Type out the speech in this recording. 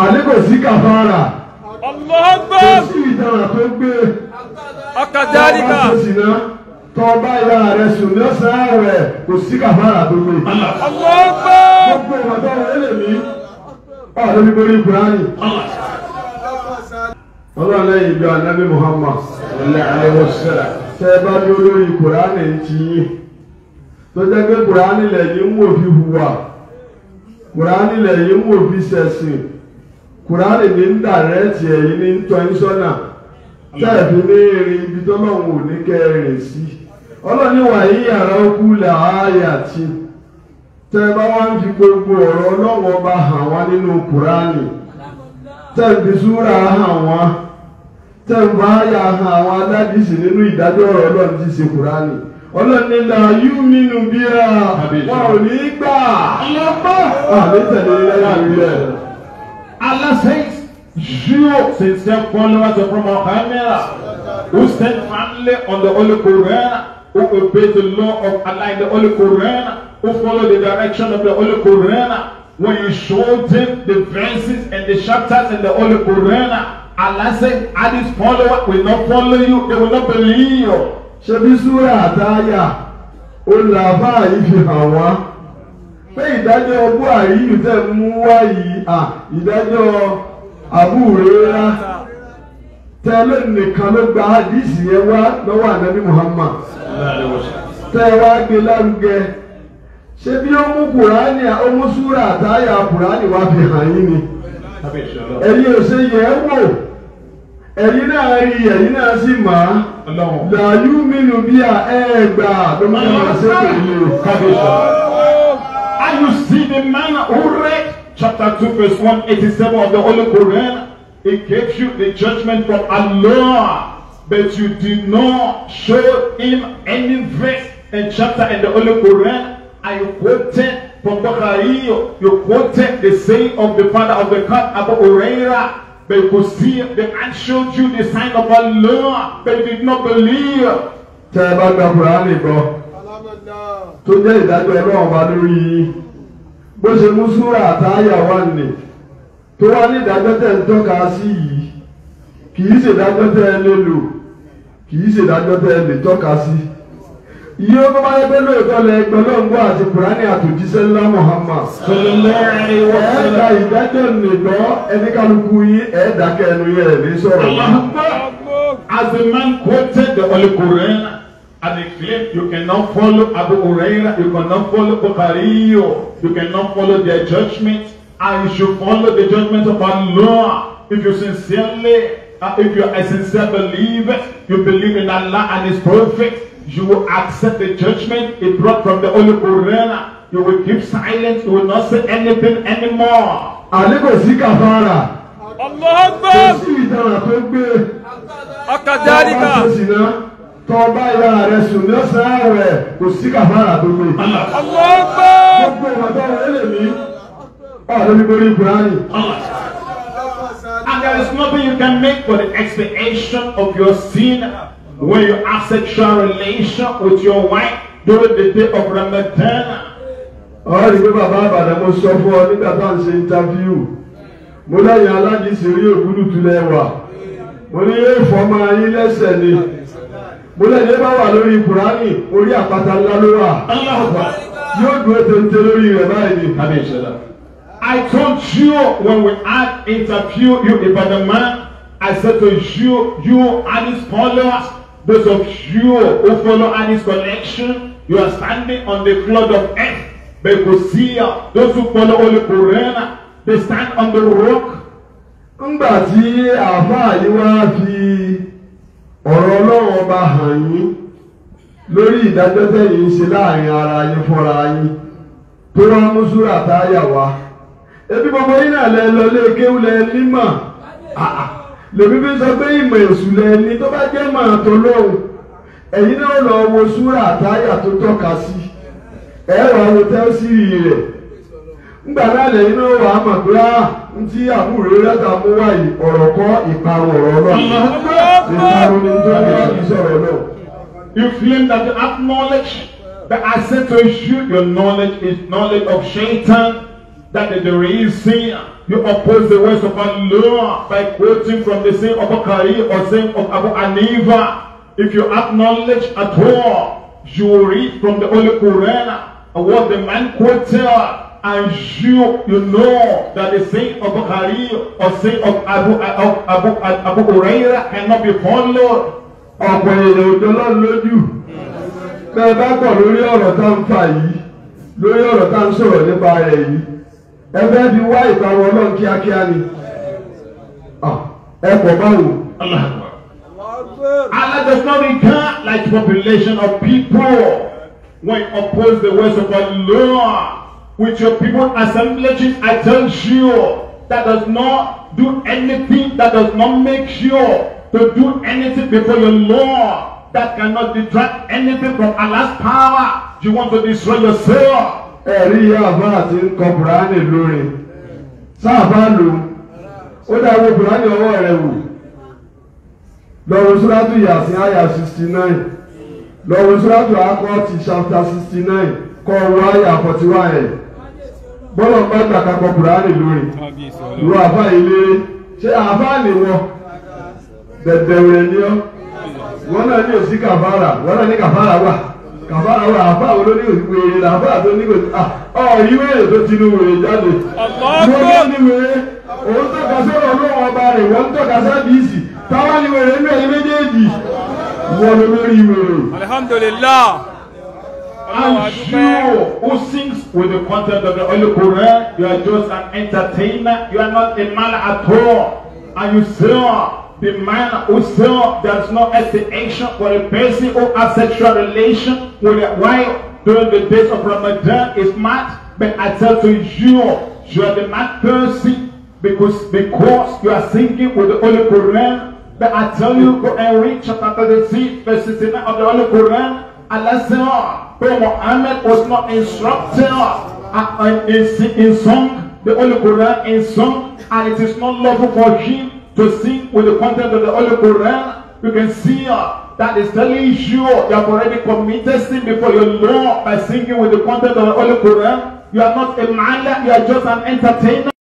àlẹ́ kò sí kàfàrà. ọlọ́gbọ́. kò sí ìdáhùn tó gbé. ọkàdé àríkà. tọ́ ọba ìyá rẹ̀ sùn lọ́sàn-án rẹ̀ kò sí kàfàrà tó gbé. ọlọ́gbọ́. gbogbo ìbàdàn rẹ̀ lè mí. báwo ló ní borí Kùránì. ọlọ́run lẹ́yìn ìjọ anábì Muhammad sallallahu alaihi wasallam. tẹ́ ẹ bá ní olórí Kùránì ti yín tó jẹ́ pé Kùránì lẹ́yìn ń wò fi hùwà Kùránì lẹ́yìn ń wò fi ṣẹ̀sìn. kùránì ní ń dàrẹ́tì ẹ̀yìn ní tọ́ísọ́nà tẹ́ẹ̀bí ní erin ibi tó máa wò ní kẹrin sí ọlọ́ni wàyí yàrá okú là tí bá wá ń fi gbogbo ọ̀rọ̀ ọlọ́wọ́ bá hàn wá nínú kùránì súra hàn wá hàn nínú ìdájọ́ ọ̀rọ̀ ti ṣe ọlọ́ni la yú ní gbà. tẹ̀lé Allah says, You sincere followers of Muhammad, who stand firmly on the Holy Quran, who obey the law of Allah in the Holy Quran, who follow the direction of the Holy Quran, when you show them the verses and the chapters in the Holy Quran, Allah said, Addis follower will not follow you, they will not believe you. Ṣebí Súra àtàyà, ó làbá pé ìdájọ́ Buhari yìí tẹ̀ mú wá yìí à ìdájọ́ àbúrẹ́rà tẹ́lẹ̀ nìkan ló gba àdìsí yẹn wá lọ́wọ́ ànábì Muhammad tẹ́ wá gbé lárugẹ ṣé bí ó mú kùránì ó mú súrà àtàyà kùránì wá fi hàn yín ni ẹ̀yin ò ṣe yẹ̀ ẹ́ wò ẹ̀yin náà rí ẹ̀yin náà sì mọ̀ á làyú mínú bíà ẹ̀ẹ́gbà ló máa ń ṣe pẹ̀lú kábíyèsí the man who read chapter 2, verse 187 of the Holy Quran, it gave you the judgment from Allah, but you did not show him any verse and chapter in the Holy Quran. I quoted from Bukhari, you quoted the saying of the father of the cat, Abu Huraira, but you could see the hand showed you the sign of Allah, but you did not believe. Tẹ́ ẹ the gba Kùránì gbọ́, tó jẹ́ ìdájọ́ ẹlọ́run bá lórí bó ṣe mú súrà àtàyà wà nì tó wá ní ìdájọ́ tẹ̀ ń tọ́ka sí yìí kì í ṣèdájọ́ tẹ̀ ẹ lè lò kì í ṣèdájọ́ tẹ̀ ẹ lè tọ́ka sí. iye ó bá yẹ pé lóòótọ́ lẹ ẹgbẹ́ náà ń gbọ́ àti kùránì àtòjíṣẹ́ ńlá Muhammad. ẹ̀ẹ́dà ìdájọ́ nìgbọ́ ẹni kálukú yín ẹ̀ẹ́dà kẹnu yẹn ní sọ̀rọ̀. Allah azman quoted the Quran. And they claim you cannot follow Abu Huraira, you cannot follow Bukhari, you cannot follow their judgment, and you should follow the judgment of Allah. If you sincerely, uh, if you are a sincere believer, you believe in Allah and His Prophet, you will accept the judgment it brought from the Holy Quran. You will keep silent, you will not say anything anymore. Àlékò sí kàfàrà. Allahu Akbar. Kò sí tọba ìyá rẹ sùn lọ́sàn-án rẹ kò sí kàfàrà tó gbé. gbogbo ìwàdọ̀ rẹ lè mí ọ̀rẹ́ mi borí Kùránì. And there is nothing you can make for the expiation of your sin when you have sexual relation with your wife during the day of Ramadan. ọ̀rẹ́ ìgbé bàbá àbàdàn mo sọ fún ọ nígbà tá à ń ṣe interview mo lẹ́yìn aláàjì sí rí òkúlùtù lẹ́wà mo ní èèfọ́ máa yín lẹ́sẹ̀ ni múlẹ̀dẹ́ bá wà lórí kùránì orí àpáta ńlá ló wà. yóò dúró téńté lórí rẹ̀ báyìí ni. kábíyè ìṣẹ̀dá. I told you when we had interview you about the man. I said to you, you and his followers, those of you who follow and his collection, you are standing on the flood of earth. But you Bekosia, those who follow only Quran, they stand on the rock. Ngbà àfáà yìí wá fi ọ̀rọ̀ ọlọ́run ọba hàn yín lórí ìdájọ́ tẹ̀yìn ń ṣe láàrin ara yín fúnra yín tó wá mú súrà tá a yà wá ebi gbogbo yín náà lẹ lọ lé kéwú lẹ nímọ̀ lèmi fi sọ pé ìmọ̀ èṣù lẹ ní tó bá jẹ́ mọ̀ tó lóhùn ẹ̀yin náà lọ wo súrà tá a yà tó tọ́ka sí ẹ̀ wá wo tẹ́sí rẹ̀ ńgbà náà lẹ́yìn náà wà á mọ̀ pé áà. ntí àbúrò lẹ́tà mú wáyé ọ̀rọ̀ kọ́ ìparun ọ̀rọ̀ náà ìparun ni tó ní ìsọ̀rọ̀ náà. You claim that you have knowledge, but I say to you, your knowledge is knowledge of Shaitan. That is the reason you oppose the words of Allah by quoting from the saying of Bukhari or saying of Abu Aniva. If you have knowledge at all, you read from the Holy Quran what the man quoted and you you know that the saying of Bukhari or saying of Abu of Abu Abu Huraira cannot be followed. ọ̀pọ̀ èrè òjò lọ́n lójú bẹ́ẹ̀ bá kọ̀ lórí ọ̀rọ̀ tá ń fà yìí lórí ọ̀rọ̀ tá ń sọ̀rọ̀ nípa rẹ̀ yìí ẹ fẹ́ fi wá ìpamọ́ ọlọ́run kíákíá ni ẹ pọ̀ báwo. Allah does not regard like population of people when opposed the words of Allah with your people assemblages, I tell you that does not do anything, that does not make sure to do anything before your Lord, that cannot detract anything from Allah's power. You want to destroy yourself. Ẹ̀rí àbá àti nǹkan Bùránì lórí. Sáàbá lò ó dáwọ́ Bùránì ọwọ́ rẹ̀ wò. Lọ́run Súrátù Yàsín àyà sixty nine. Lọ́run Súrátù Akọ́ọ̀tì chapter sixty nine kọ́ wọ àyà forty one bọ́lá ń bá gbàkápọ̀ kùránì lórí lu àfa ìlérè ṣé àfa lè wọ dẹ̀dẹ̀wẹ̀ ni ọ́ wọ́n náà ní òsì kàfàrà wọ́n náà ní kàfàrà wà kàfàrà wà àfa àwọn olóníwèé wèrè làfa àti oníwèé à ọ̀ yí wèrè tó ti nu wèrè jáde wọ́n ní wèrè òun tọ́ka sọ́rọ̀ ọlọ́run ọba rẹ̀ wọ́n tọ́ka sábìsì táwọn ni wèrè ń bẹ̀rẹ̀ méjèèjì wọ́n lórí wèrè. Alhamdulillah. Ah, and you who sings with the content of the Holy Quran, you are just an entertainer. You are not a man at all. And you serve the man who serves. There is no estimation for a person who has sexual relation with a wife during the days of Ramadan is mad. But I tell to you, you are the mad person because, because you are singing with the Holy Quran. But I tell you, go and read chapter 36, verse 69 of the Holy Quran. Allah said, where Muhammad was not instructed uh, in, in song, the Holy Quran in song, and it is not lawful for him to sing with the content of the Holy Quran. You can see uh, that is telling you you have already committed sin before your Lord by singing with the content of the Holy Quran. You are not a man, you are just an entertainer.